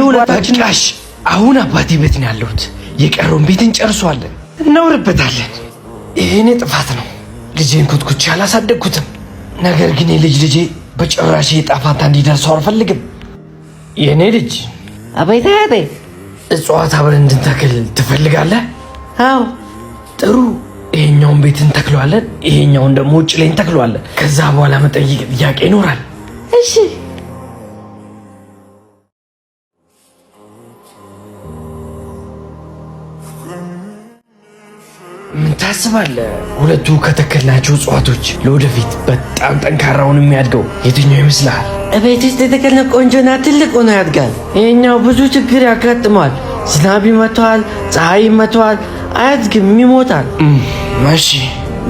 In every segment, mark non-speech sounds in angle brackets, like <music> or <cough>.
ሁለት አሁን አባቴ ቤት ነው ያለሁት። የቀረውን ቤት እንጨርሷለን፣ እናውርበታለን። ይህኔ ጥፋት ነው። ልጄን ኩትኩቼ አላሳደግኩትም። ነገር ግን የልጅ ልጄ በጭራሽ የጣፋንታ እንዲደርሰው አልፈልግም። የእኔ ልጅ አቤት እጽዋት አብረን እንድንተክል ትፈልጋለህ? አዎ ጥሩ ይሄኛውን ቤት እንተክለዋለን፣ ይሄኛውን ደግሞ ውጭ ላይ እንተክለዋለን። ከዛ በኋላ መጠይቅ ጥያቄ ይኖራል። እሺ ምን ታስባለህ? ሁለቱ ከተከልናቸው እጽዋቶች ለወደፊት በጣም ጠንካራውን የሚያድገው የትኛው ይመስልሃል? እቤት ውስጥ የተከልነ ቆንጆና ትልቅ ሆኖ ያድጋል። ይሄኛው ብዙ ችግር ያጋጥመዋል። ዝናብ ይመተዋል፣ ፀሐይ ይመተዋል፣ አያድግም፣ ይሞታል። እሺ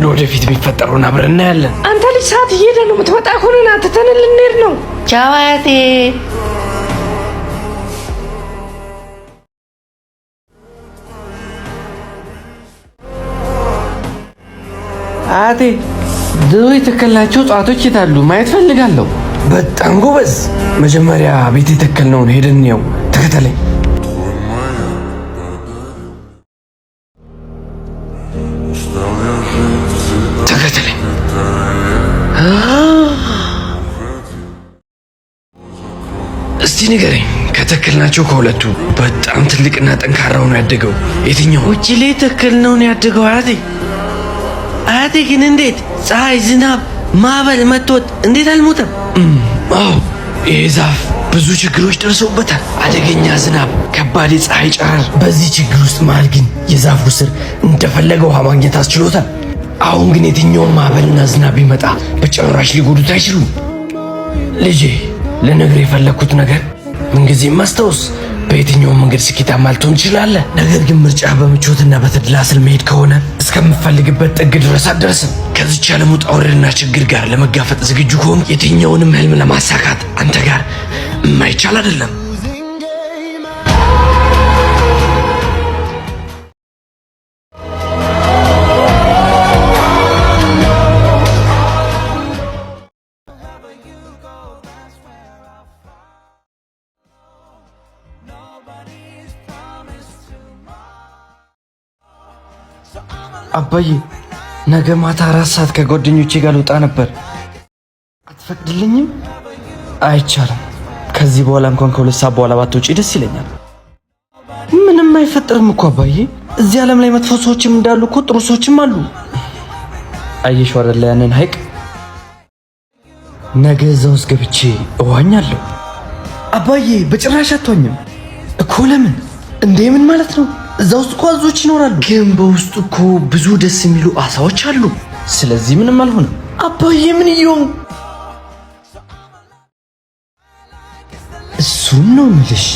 ለወደፊት የሚፈጠረውን አብረን እናያለን። አንተ ልጅ ሰዓት እየሄደ ነው። የምትመጣ ከሆነ ትተን ልንሄድ ነው። ቻው አያቴ። አያቴ ድሮ የተከልናቸው እጽዋቶች የታሉ? ማየት ፈልጋለሁ። በጣም ጎበዝ። መጀመሪያ ቤት የተከልነውን ሄደን ያው ተከተለኝ። ንገረኝ። ከተክል ናቸው ከሁለቱ በጣም ትልቅና ጠንካራው ነው ያደገው። የትኛው ውጭ ላይ ተክል ነው ያደገው? አያቴ አያቴ ግን እንዴት ፀሐይ፣ ዝናብ፣ ማዕበል መጥቶት እንዴት አልሞተም? አዎ ይህ ዛፍ ብዙ ችግሮች ደርሰውበታል። አደገኛ ዝናብ፣ ከባድ የፀሐይ ጨረር። በዚህ ችግር ውስጥ መሃል ግን የዛፉ ስር እንደፈለገ ውሃ ማግኘት አስችሎታል። አሁን ግን የትኛውን ማዕበልና ዝናብ ቢመጣ በጭራሽ ሊጎዱት አይችሉም። ልጄ ለነገር የፈለግኩት ነገር ምንጊዜም ማስታወስ በየትኛውም መንገድ ስኬታማ ልትሆን ትችላለህ። ነገር ግን ምርጫ በምቾትና በተድላ ስል መሄድ ከሆነ እስከምፈልግበት ጥግ ድረስ አትደርስም። ከዚች ዓለም ውጣ ውረድና ችግር ጋር ለመጋፈጥ ዝግጁ ከሆኑ የትኛውንም ህልም ለማሳካት አንተ ጋር የማይቻል አይደለም። አባዬ ነገ ማታ አራት ሰዓት ከጓደኞቼ ጋር ልውጣ ነበር። አትፈቅድልኝም? አይቻልም። ከዚህ በኋላ እንኳን ከሁለት ሰዓት በኋላ ባትወጪ ደስ ይለኛል። ምንም አይፈጠርም እኮ አባዬ። እዚህ ዓለም ላይ መጥፎ ሰዎችም እንዳሉ እኮ ጥሩ ሰዎችም አሉ። አየሽ አይደል ያንን ሀይቅ ነገ እዛ ውስጥ ገብቼ እዋኛለሁ። አባዬ በጭራሽ አትዋኝም እኮ። ለምን እንዴ? ምን ማለት ነው? እዛ ውስጥ እኮ አዞች ይኖራሉ፣ ግን በውስጡ እኮ ብዙ ደስ የሚሉ አሳዎች አሉ። ስለዚህ ምንም አልሆነም። አባዬ ምን እየሆን እሱም ነው የምልሽ።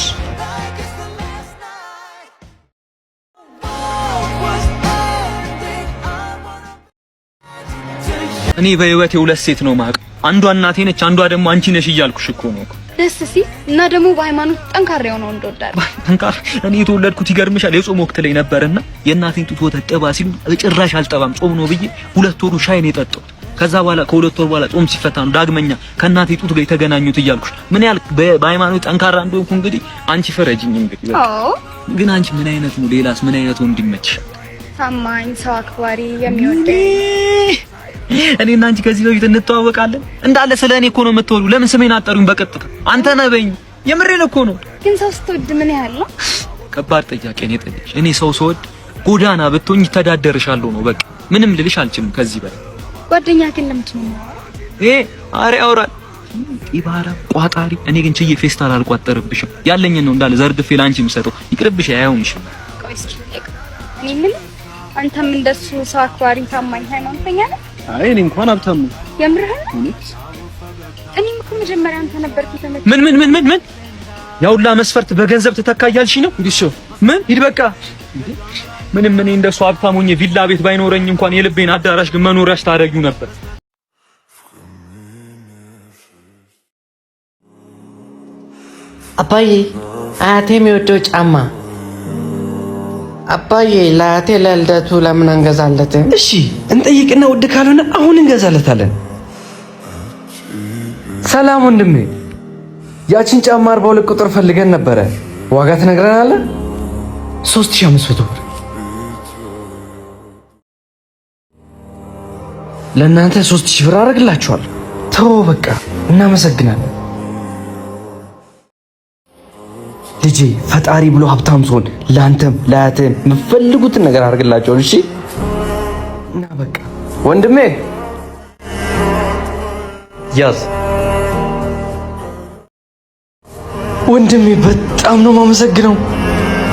እኔ በህይወቴ ሁለት ሴት ነው ማቅ፣ አንዷ እናቴ ነች፣ አንዷ ደግሞ አንቺ ነሽ እያልኩሽ እኮ ነው። ደስ ሲል እና ደግሞ በሃይማኖት ጠንካራ የሆነው እንደወዳለ ጠንካራ እኔ የተወለድኩት ይገርምሻል የጾም ወቅት ላይ ነበርና የእናቴን ጡት ወተት ጥባ ሲሉ ጭራሽ አልጠባም ጾም ነው ብዬ ሁለት ወሩ ሻይ ነው የጠጣሁት። ከዛ በኋላ ከሁለት ወር በኋላ ጾም ሲፈታ ነው ዳግመኛ ከእናቴ ጡት ጋር የተገናኙት እያልኩሽ ምን ያህል በሃይማኖት ጠንካራ እንደሆንኩ እንግዲህ አንቺ ፈረጅኝ። እንግዲህ አዎ፣ ግን አንቺ ምን አይነት ነው ሌላስ ምን አይነት ወንድ ይመችሻል? ታማኝ፣ ሰው አክባሪ፣ የሚወደኝ እኔ እና አንቺ ከዚህ በፊት እንተዋወቃለን እንዳለ ስለ እኔ እኮ ነው የምትወሩ። ለምን ስሜን አጠሩኝ በቀጥታ? አንተ ነህ በይኝ። የምሬን እኮ ነው። ግን ሰው ስትወድ ምን ያህል ነው? ከባድ ጥያቄ ነው የጠየቅሽ። እኔ ሰው ስወድ ጎዳና ብትሆኝ ተዳደርሻለሁ ነው በቃ። ምንም ልልሽ አልችልም ከዚህ በላይ። ጓደኛ ግን ለምንድን ነው እ አሬ አውራ ኢባራ ቋጣሪ። እኔ ግን ችዬ ፌስታል አልቋጠርብሽም። ያለኝን ነው እንዳለ ዘርግፌ ለአንቺ የምሰጠው። ይቅርብሽ፣ አያውንሽ። ቆይስ እስኪ እኔ ምን አንተም እንደሱ ሰው አክባሪ፣ ታማኝ፣ ሃይማኖተኛ ነህ አይ እኔ እንኳን ሀብታም ነው። የምርህን? እኔም እኮ መጀመሪያ አንተ ነበርኩ ተመቸኝ። ምን ምን ምን ምን ምን ያውላ መስፈርት በገንዘብ ተተካ እያልሽ ነው? ሂድ ምን ሂድ በቃ። ምንም እኔ እንደሱ ሀብታም ሆኜ ቪላ ቤት ባይኖረኝ እንኳን የልቤን አዳራሽ ግን መኖሪያሽ ታደርጊው ነበር። አባዬ አያቴም የወደው ጫማ አባዬ ለአቴ ለልደቱ ለምን አንገዛለትም? እሺ እንጠይቅና ውድ ካልሆነ አሁን እንገዛለታለን። ሰላም ወንድሜ፣ ያችን ጫማ አርባ ሁለት ቁጥር ፈልገን ነበረ። ዋጋ ትነግረናለ ሶስት ሺህ አምስት መቶ ብር ለእናንተ ሶስት ሺህ ብር አደርግላችኋል። ተወው በቃ። እናመሰግናለን። ልጄ ፈጣሪ ብሎ ሀብታም ሲሆን ለአንተም ለአያትህም የምፈልጉትን ነገር አድርግላቸውን። እሺ እና በቃ ወንድሜ ያዝ። ወንድሜ በጣም ነው የማመሰግነው።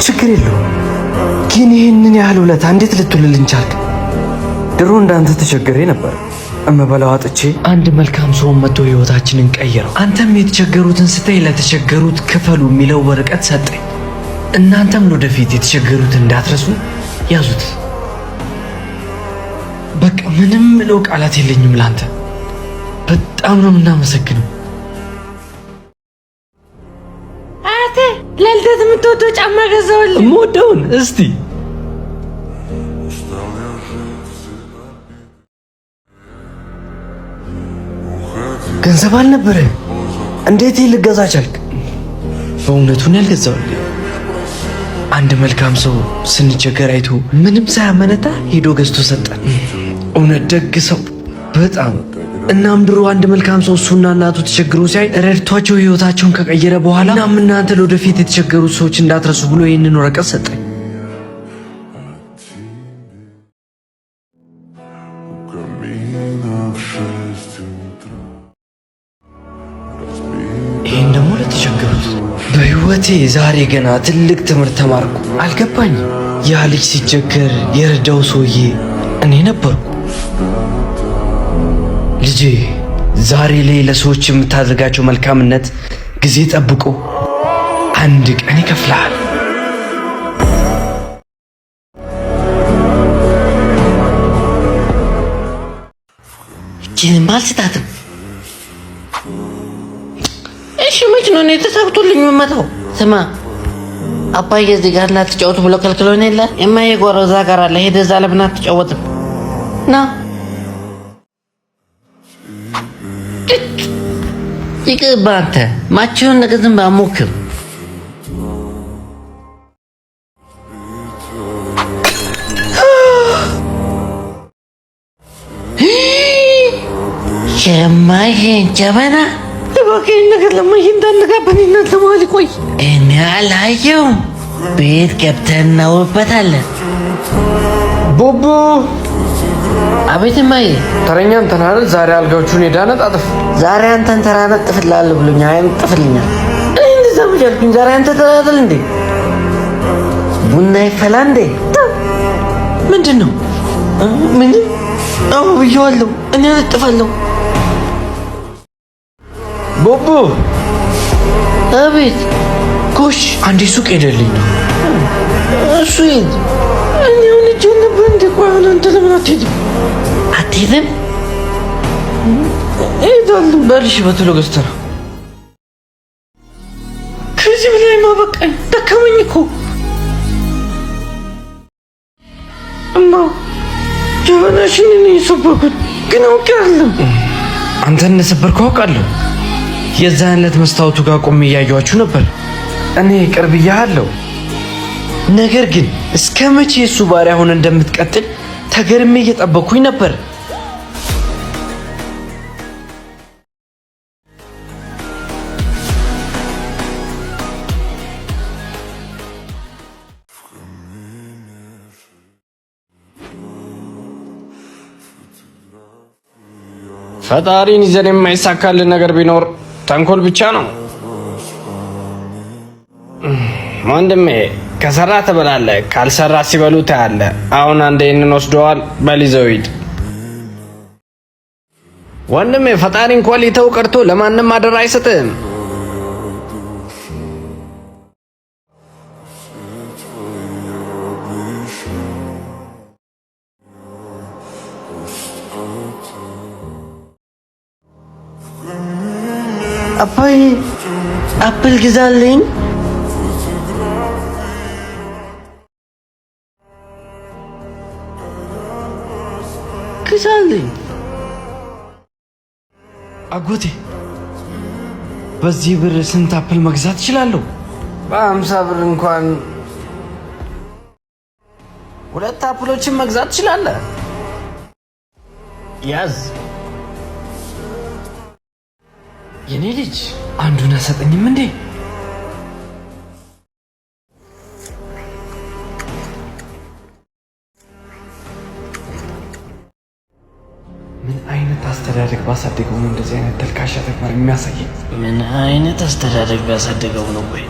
ችግር የለውም ግን ይህንን ያህል ውለታ እንዴት ልትውልልኝ ቻልክ? ድሮ እንዳንተ ተቸግሬ ነበር። እምበላው አጥቼ አንድ መልካም ሰው መጥቶ ህይወታችንን ቀይረው አንተም የተቸገሩትን ስታይ ለተቸገሩት ክፈሉ የሚለው ወረቀት ሰጠኝ። እናንተም ለወደፊት የተቸገሩት እንዳትረሱ ያዙት። በቃ ምንም ምለው ቃላት የለኝም። ላንተ በጣም ነው የምናመሰግነው። አያቴ ለልደት የምትወደው ጫማ ገዛውልኝ። ሞደውን እስቲ ገንዘብ አልነበረ። እንዴት ይህ ልገዛ ቻልክ? በእውነቱን ያልገዛው አንድ መልካም ሰው ስንቸገር አይቶ ምንም ሳያመነታ ሄዶ ገዝቶ ሰጠን። እውነት ደግ ሰው በጣም እናም ድሮ አንድ መልካም ሰው እሱና እናቱ ተቸግሮ ሲያይ ረድቷቸው ህይወታቸውን ከቀየረ በኋላ እናም እናንተ ለወደፊት የተቸገሩት ሰዎች እንዳትረሱ ብሎ ይህንን ወረቀት ሰጠኝ። ይህን ደግሞ ለተቸገሩት በህይወቴ ዛሬ ገና ትልቅ ትምህርት ተማርኩ። አልገባኝም። ያ ልጅ ሲቸገር የረዳው ሰውዬ እኔ ነበርኩ። ልጄ ዛሬ ላይ ለሰዎች የምታደርጋቸው መልካምነት ጊዜ ጠብቆ አንድ ቀን ይከፍልሃል። ይህን ባልስታትም እሺ መች ነው እኔ ተሳክቶልኝ የምመጣው? ስማ አባዬ እዚህ ጋር እንዳትጫወቱ ብሎ ከልክሎኝ የለ የማዬ ጓሮ እዛ ጋር አለ። ሄደ እዛ ለምን አትጫወትም? ና ይቅባ አንተ ማችሁን ነገር ዝም ባሞክም የማይሄን <gasps> ጀበና እባክህን ነገር ለማየ እንዳነጋበን እናት ለመሀል ቆይ እኔ አላየውም። ቤት ገብተን እናውበታለን። ቡቡ አቤት ማየ ተረኛ እንተን አይደል ዛሬ አልጋዎቹን ሄዳነት አጥፍ ዛሬ አንተን ተራነት ጥፍልሃለሁ ብሎኛል። አይም ጥፍልኛል እንደዛ ምጃልኩኝ ዛሬ አንተ ተራትል እንዴ ቡና ይፈላ እንዴ ምንድን ነው ምንም አዎ ብዬዋለሁ እኔ አነጥፋለሁ ቦቦ አቤት። ጎሽ አንዴ ሱቅ ሄደልኝ ነው እሱ ሄድ እኔ አሁን እጅ ነበር እንደ ቆይ አንተ ለምን አትሄድም? አትሄድም? እሄዳለሁ በልሽ በቶሎ ገዝተህ ነው። ከዚህ በላይ ማበቃኝ ደከመኝ እኮ እማ ጀበናሽን እኔ የሰበርኩት ግን አውቄ አይደለም። አንተን እንደሰበርኩ አውቃለሁ። የዛነት መስታወቱ ጋር ቆም እያየኋችሁ ነበር። እኔ ቅርብ እያለሁ ነገር ግን እስከ መቼ እሱ ባሪያ ሆነ እንደምትቀጥል ተገርሜ እየጠበኩኝ ነበር። ፈጣሪን ይዘን የማይሳካልን ነገር ቢኖር ተንኮል ብቻ ነው ወንድሜ። ከሰራ ትበላለ፣ ካልሰራ ሲበሉ ታያለ። አሁን አንድ ይህንን ወስደዋል። በሊዘው ሂድ ወንድሜ። ፈጣሪ እንኳን ሊተው ቀርቶ ለማንም አደራ አይሰጥም። አባዬ አፕል ግዛልኝ። ግዛልኝ አጎቴ፣ በዚህ ብር ስንት አፕል መግዛት እችላለሁ? በአምሳ ብር እንኳን ሁለት አፕሎችን መግዛት ትችላለህ። ያዝ የኔ ልጅ አንዱን አሰጠኝም እንዴ? ምን አይነት አስተዳደግ ባሳደገው ነው እንደዚህ አይነት ተልካሻ ተግባር የሚያሳይ? ምን አይነት አስተዳደግ ባሳደገው ነው ወይ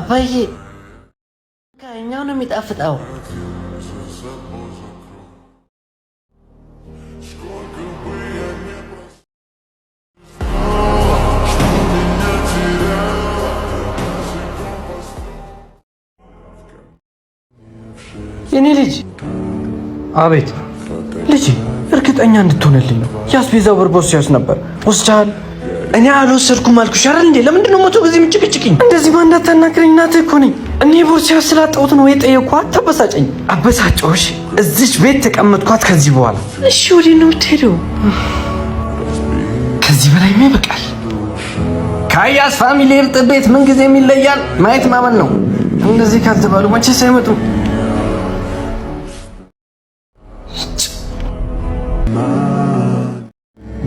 አባዬ? ከኛው ነው የሚጣፍጠው። አቤት ልጅ እርግጠኛ እንድትሆንልኝ ነው። የአስቤዛ ብር በወሰድሽ ነበር ወስደሃል? እኔ አልወሰድኩም አልኩሽ አይደል እንዴ? ለምንድን ነው መቶ ጊዜ የምትጭቅጭቅኝ? እንደዚህ ማን እንዳታናግረኝ፣ እናትህ እኮ ነኝ። እኔ ቦርሳ ስላጣሁት ነው የጠየቅኩህ። አታበሳጨኝ። አበሳጨሁሽ፣ እዚች ቤት ተቀመጥኳት ከዚህ በኋላ። እሺ፣ ወዴት ነው የምትሄደው? ከዚህ በላይ ምን ይበቃል? ካያስ ፋሚሊ እርጥ ቤት ምን ጊዜ የሚለያል ማየት ማመን ነው። እንደዚህ ካልተባሉ መቼስ አይመጡም።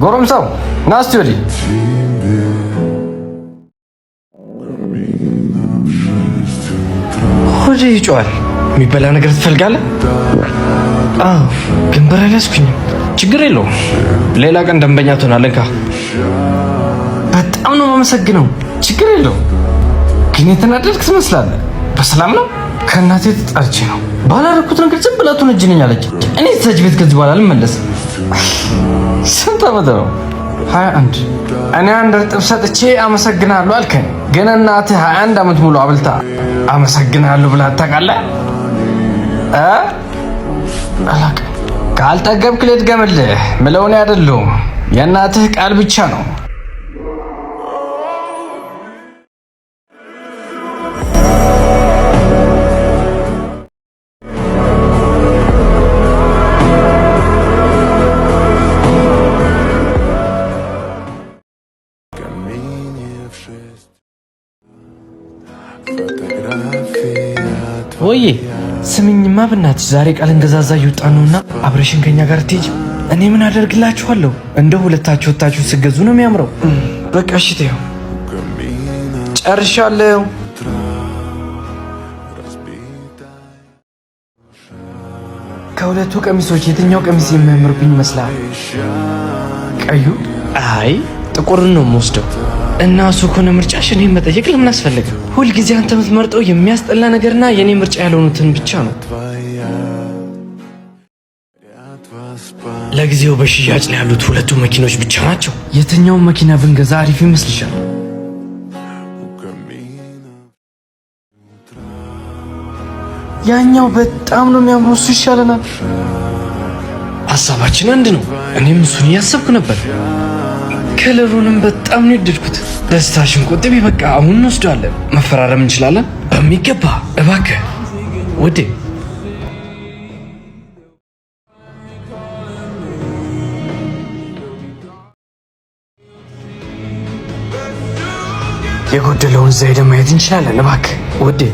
ጎረምሳው ና እስቲ ወዲህ። ሆዴ ይጮሃል። የሚበላ ነገር ትፈልጋለህ? አዎ፣ ግን ብር አልያዝኩኝም። ችግር የለውም፣ ሌላ ቀን ደንበኛ ትሆናለህ። ካ በጣም ነው የማመሰግነው። ችግር የለውም፣ ግን የተናደድክ ትመስላለህ። በሰላም ነው? ከእናቴ ተጣርቼ ነው ባላረኩት ነገር ዝም ብላቱን እጅ አለች። እኔ ተጅ ቤት ከዚህ በኋላ አልመለስም። ስንት ዓመት ነው? ሀያ አንድ እኔ አንድ እርጥብ ሰጥቼ አመሰግናለሁ አልከኝ። ግን እናትህ ሀያ አንድ ዓመት ሙሉ አብልታ አመሰግናለሁ ብላ ታውቃለህ? አላውቅም። ካልጠገብክ ልድገምልህ፣ ምለውን አይደለሁም የእናትህ ቃል ብቻ ነው። ወይ ስምኝማ፣ ብናትሽ ዛሬ ቃል እንገዛዛ እየወጣ ነውና አብረሽን ከኛ ጋር ትሄጂ። እኔ ምን አደርግላችኋለሁ? እንደው ሁለታችሁ ወታችሁ ስገዙ ነው የሚያምረው። በቃ እሺ፣ ተይው፣ ጨርሻለሁ። ከሁለቱ ቀሚሶች የትኛው ቀሚስ የሚያምርብኝ ይመስላል? ቀዩ? አይ ጥቁርን ነው የምወስደው። እና እሱ ከሆነ ምርጫሽ እኔን መጠየቅ ለምን አስፈለገ? ሁልጊዜ አንተ የምትመርጠው የሚያስጠላ ነገርና የእኔ ምርጫ ያልሆኑትን ብቻ ነው። ለጊዜው በሽያጭ ላይ ያሉት ሁለቱ መኪኖች ብቻ ናቸው። የትኛውን መኪና ብንገዛ አሪፍ ይመስልሻል? ያኛው በጣም ነው የሚያምሩ፣ እሱ ይሻለናል። ሀሳባችን አንድ ነው። እኔም እሱን እያሰብኩ ነበር። ከለሩንም በጣም ነው የወደድኩት። ደስታሽን ቆጥቢ፣ በቃ አሁን እንወስደዋለን። መፈራረም እንችላለን? በሚገባ እባክህ ውዴ። የጎደለውን ዘይደ ማየት እንችላለን? እባክህ ውዴ